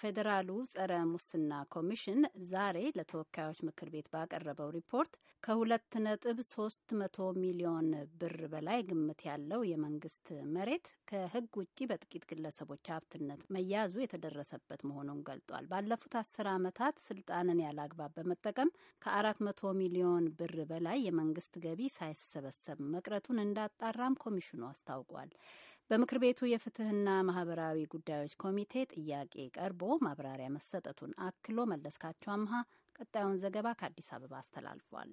የፌዴራሉ ጸረ ሙስና ኮሚሽን ዛሬ ለተወካዮች ምክር ቤት ባቀረበው ሪፖርት ከሁለት ነጥብ ሶስት መቶ ሚሊዮን ብር በላይ ግምት ያለው የመንግስት መሬት ከህግ ውጭ በጥቂት ግለሰቦች ሀብትነት መያዙ የተደረሰበት መሆኑን ገልጧል። ባለፉት አስር ዓመታት ስልጣንን ያላግባብ በመጠቀም ከአራት መቶ ሚሊዮን ብር በላይ የመንግስት ገቢ ሳይሰበሰብ መቅረቱን እንዳጣራም ኮሚሽኑ አስታውቋል። በምክር ቤቱ የፍትህና ማህበራዊ ጉዳዮች ኮሚቴ ጥያቄ ቀርቦ ማብራሪያ መሰጠቱን አክሎ መለስካቸው አምሃ ቀጣዩን ዘገባ ከአዲስ አበባ አስተላልፏል።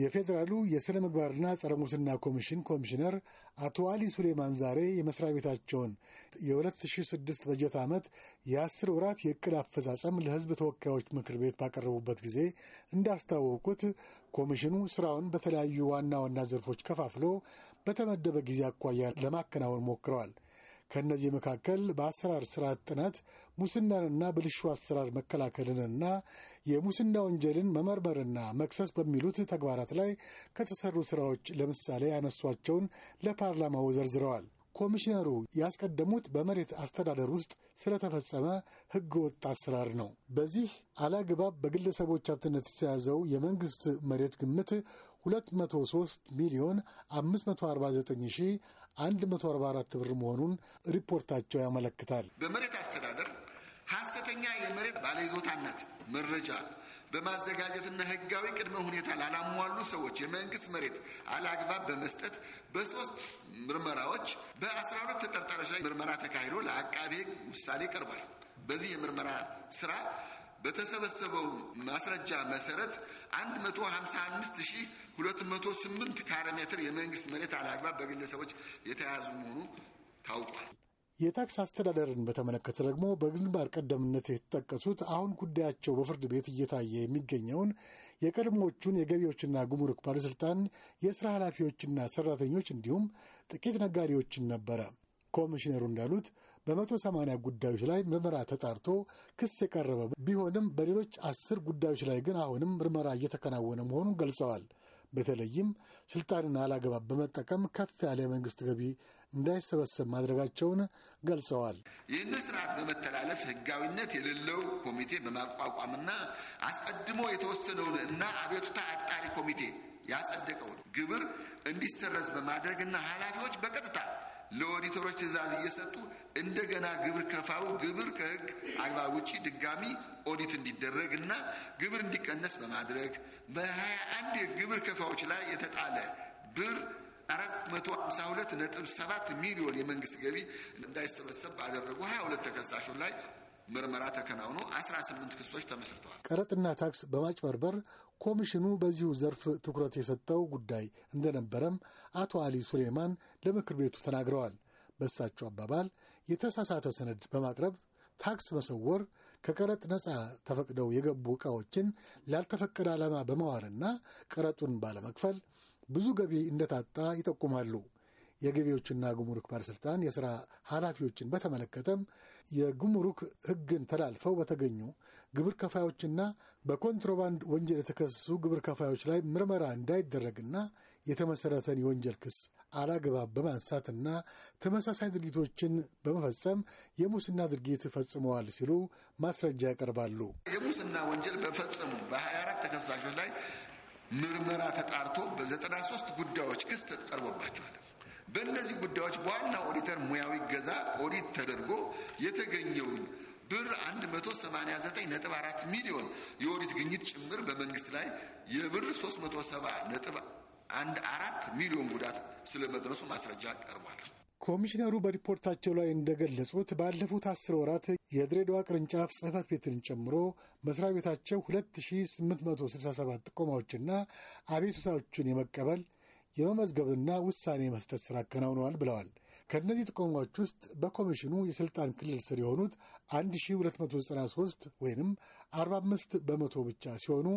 የፌዴራሉ የሥነ ምግባርና ጸረ ሙስና ኮሚሽን ኮሚሽነር አቶ አሊ ሱሌማን ዛሬ የመስሪያ ቤታቸውን የ2006 በጀት ዓመት የአስር ወራት የእቅድ አፈጻጸም ለሕዝብ ተወካዮች ምክር ቤት ባቀረቡበት ጊዜ እንዳስታወቁት ኮሚሽኑ ሥራውን በተለያዩ ዋና ዋና ዘርፎች ከፋፍሎ በተመደበ ጊዜ አኳያ ለማከናወን ሞክረዋል። ከእነዚህ መካከል በአሰራር ስርዓት ጥናት ሙስናንና ብልሹ አሰራር መከላከልንና የሙስና ወንጀልን መመርመርና መክሰስ በሚሉት ተግባራት ላይ ከተሰሩ ስራዎች ለምሳሌ ያነሷቸውን ለፓርላማው ዘርዝረዋል። ኮሚሽነሩ ያስቀደሙት በመሬት አስተዳደር ውስጥ ስለተፈጸመ ወጥ አሰራር ነው። በዚህ አላግባብ በግለሰቦች ሀብትነት የተያዘው የመንግስት መሬት ግምት 203 ሚሊዮን 549144 ብር መሆኑን ሪፖርታቸው ያመለክታል። በመሬት አስተዳደር ሐሰተኛ የመሬት ባለይዞታነት መረጃ በማዘጋጀትና ሕጋዊ ቅድመ ሁኔታ ላላሟሉ ሰዎች የመንግስት መሬት አላግባብ በመስጠት በሶስት ምርመራዎች በ12 ተጠርጣሪዎች ላይ ምርመራ ተካሂዶ ለአቃቤ ሕግ ውሳኔ ቀርቧል። በዚህ የምርመራ ስራ በተሰበሰበው ማስረጃ መሰረት 155 208 ካሬ ሜትር የመንግስት መሬት አላግባብ በግለሰቦች የተያዙ መሆኑ ታውቋል። የታክስ አስተዳደርን በተመለከተ ደግሞ በግንባር ቀደምነት የተጠቀሱት አሁን ጉዳያቸው በፍርድ ቤት እየታየ የሚገኘውን የቀድሞዎቹን የገቢዎችና ጉምሩክ ባለሥልጣን የሥራ ኃላፊዎችና ሠራተኞች እንዲሁም ጥቂት ነጋዴዎችን ነበረ። ኮሚሽነሩ እንዳሉት በመቶ ሰማንያ ጉዳዮች ላይ ምርመራ ተጣርቶ ክስ የቀረበ ቢሆንም በሌሎች አስር ጉዳዮች ላይ ግን አሁንም ምርመራ እየተከናወነ መሆኑን ገልጸዋል። በተለይም ስልጣንን አላግባብ በመጠቀም ከፍ ያለ የመንግስት ገቢ እንዳይሰበሰብ ማድረጋቸውን ገልጸዋል። ይህንን ስርዓት በመተላለፍ ህጋዊነት የሌለው ኮሚቴ በማቋቋምና አስቀድሞ የተወሰነውን እና አቤቱታ አጣሪ ኮሚቴ ያጸደቀውን ግብር እንዲሰረዝ በማድረግና ኃላፊዎች በቀጥታ ለኦዲተሮች ትዕዛዝ እየሰጡ እንደገና ግብር ከፋው ግብር ከህግ አግባብ ውጪ ድጋሚ ኦዲት እንዲደረግ እና ግብር እንዲቀነስ በማድረግ በ21 የግብር ከፋዎች ላይ የተጣለ ብር 452.7 ሚሊዮን የመንግስት ገቢ እንዳይሰበሰብ ባደረጉ 22 ተከሳሾች ላይ ምርመራ ተከናውኖ 18 ክሶች ተመስርተዋል። ቀረጥና ታክስ በማጭበርበር ኮሚሽኑ በዚሁ ዘርፍ ትኩረት የሰጠው ጉዳይ እንደነበረም አቶ አሊ ሱሌማን ለምክር ቤቱ ተናግረዋል። በእሳቸው አባባል የተሳሳተ ሰነድ በማቅረብ ታክስ መሰወር፣ ከቀረጥ ነፃ ተፈቅደው የገቡ ዕቃዎችን ላልተፈቀደ ዓላማ በመዋልና ቀረጡን ባለመክፈል ብዙ ገቢ እንደታጣ ይጠቁማሉ። የገቢዎችና ጉምሩክ ባለስልጣን የስራ ኃላፊዎችን በተመለከተም የጉምሩክ ሕግን ተላልፈው በተገኙ ግብር ከፋዮችና በኮንትሮባንድ ወንጀል የተከሰሱ ግብር ከፋዮች ላይ ምርመራ እንዳይደረግና የተመሰረተን የወንጀል ክስ አላግባብ በማንሳትና ተመሳሳይ ድርጊቶችን በመፈጸም የሙስና ድርጊት ፈጽመዋል ሲሉ ማስረጃ ያቀርባሉ። የሙስና ወንጀል በፈጸሙ በ24 ተከሳሾች ላይ ምርመራ ተጣርቶ በ93 ጉዳዮች ክስ ተቀርቦባቸዋል። በእነዚህ ጉዳዮች በዋና ኦዲተር ሙያዊ ገዛ ኦዲት ተደርጎ የተገኘውን ብር 189.4 ሚሊዮን የኦዲት ግኝት ጭምር በመንግስት ላይ የብር 370.14 ሚሊዮን ጉዳት ስለመድረሱ ማስረጃ ቀርቧል። ኮሚሽነሩ በሪፖርታቸው ላይ እንደገለጹት ባለፉት አስር ወራት የድሬዳዋ ቅርንጫፍ ጽህፈት ቤትን ጨምሮ መስሪያ ቤታቸው 2867 ጥቆማዎችና አቤቱታዎችን የመቀበል የመመዝገብና ውሳኔ መስጠት ስራ አከናውነዋል ብለዋል። ከእነዚህ ተቋሞች ውስጥ በኮሚሽኑ የስልጣን ክልል ስር የሆኑት 1293 ወይም 45 በመቶ ብቻ ሲሆኑ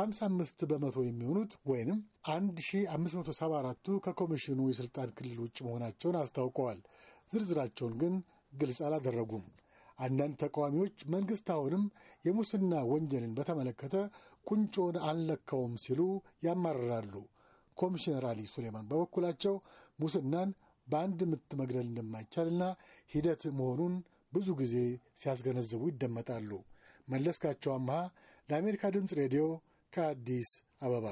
55 በመቶ የሚሆኑት ወይም 1574ቱ ከኮሚሽኑ የስልጣን ክልል ውጭ መሆናቸውን አስታውቀዋል። ዝርዝራቸውን ግን ግልጽ አላደረጉም። አንዳንድ ተቃዋሚዎች መንግሥት አሁንም የሙስና ወንጀልን በተመለከተ ቁንጮን አልለካውም ሲሉ ያማርራሉ። ኮሚሽነር አሊ ሱሌማን በበኩላቸው ሙስናን በአንድ ምት መግደል እንደማይቻልና ሂደት መሆኑን ብዙ ጊዜ ሲያስገነዝቡ ይደመጣሉ። መለስካቸው አምሃ ለአሜሪካ ድምፅ ሬዲዮ ከአዲስ አበባ